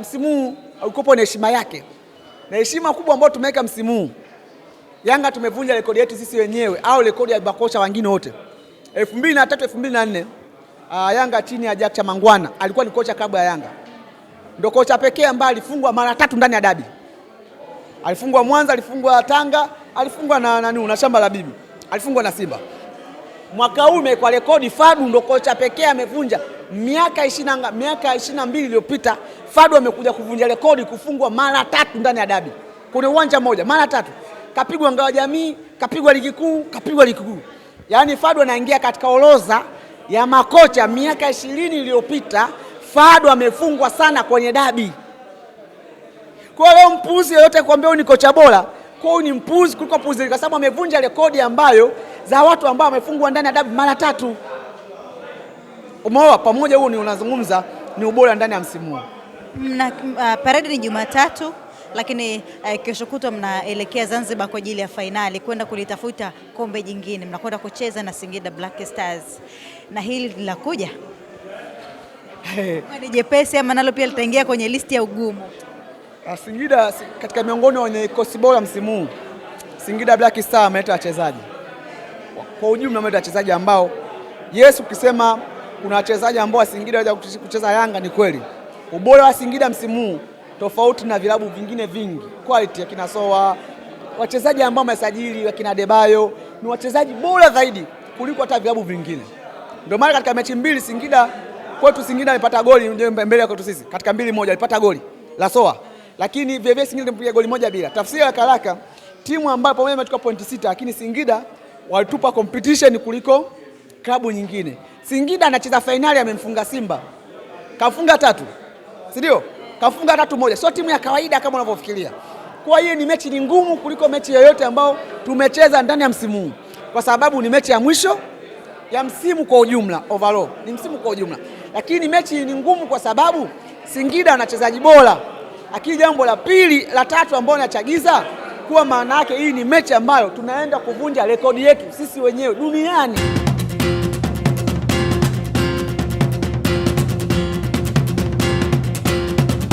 Msimu huu na heshima yake na heshima kubwa ambayo tumeweka msimu huu, Yanga tumevunja rekodi yetu sisi wenyewe au rekodi ya makocha wengine wote. 2003 2004, uh, Yanga chini ya Jack Chamangwana alikuwa ni kocha kabla ya Yanga, ndio kocha pekee ambaye alifungwa mara tatu ndani ya dabi. Alifungwa Mwanza, alifungwa Tanga, alifungwa na nani na shamba la bibi, alifungwa na Simba. Mwaka huu imekuwa rekodi Fadu, ndio kocha pekee amevunja miaka ishirini miaka na mbili iliyopita Fadu amekuja kuvunja rekodi kufungwa mara tatu ndani ya dabi kwenye uwanja mmoja, mara tatu. Kapigwa ngao jamii, kapigwa ligi kuu, kapigwa ligi kuu. Yaani Fadu anaingia katika orodha ya makocha miaka ishirini iliyopita Fadu amefungwa sana kwenye dabi. Kwa leo mpuzi yoyote kuambia ni kocha bora, kwa ni mpuzi kuliko puzi, kwa sababu amevunja rekodi ambayo za watu ambao wamefungwa ndani ya dabi mara tatu umeoa pamoja, huo ni unazungumza ni ubora ndani ya msimu huu. Mna uh, paredi ni Jumatatu lakini uh, kesho kutwa mnaelekea Zanzibar kwa ajili ya fainali kwenda kulitafuta kombe jingine, mnakwenda kucheza na Singida Black Stars na hili linakuja hey. Ni jepesi ama nalo pia litaingia kwenye listi ya ugumu? Uh, Singida katika miongoni wenye kikosi bora msimu huu, Singida Black Stars ameleta wachezaji kwa ujumla, ameleta wachezaji ambao yesu ukisema kuna wachezaji ambao wa Singida waweza kucheza Yanga, ni kweli ubora wa Singida msimu huu tofauti na vilabu vingine vingi, quality ya kinasoa wachezaji ambao wamesajili wakina Debayo ni wachezaji bora zaidi kuliko hata vilabu vingine. Ndio maana katika mechi mbili Singida kwetu Singida alipata goli mbele ya kwetu sisi, katika mbili moja alipata goli la Soa, lakini vilevile Singida ilimpiga goli moja bila. Tafsiri ya karaka timu ambayo pamoja imechukua pointi sita, lakini Singida walitupa competition kuliko klabu nyingine. Singida anacheza fainali amemfunga Simba, kafunga tatu, si ndio? Kafunga tatu moja, sio timu ya kawaida kama unavyofikiria. Kwa hiyo ni mechi ni ngumu kuliko mechi yoyote ambayo tumecheza ndani ya msimu huu, kwa sababu ni mechi ya mwisho ya msimu kwa ujumla, overall ni msimu kwa ujumla, lakini mechi ni ngumu kwa sababu Singida ana wachezaji bora. Lakini jambo la pili la tatu ambao nachagiza kuwa, maana yake hii ni mechi ambayo tunaenda kuvunja rekodi yetu sisi wenyewe duniani.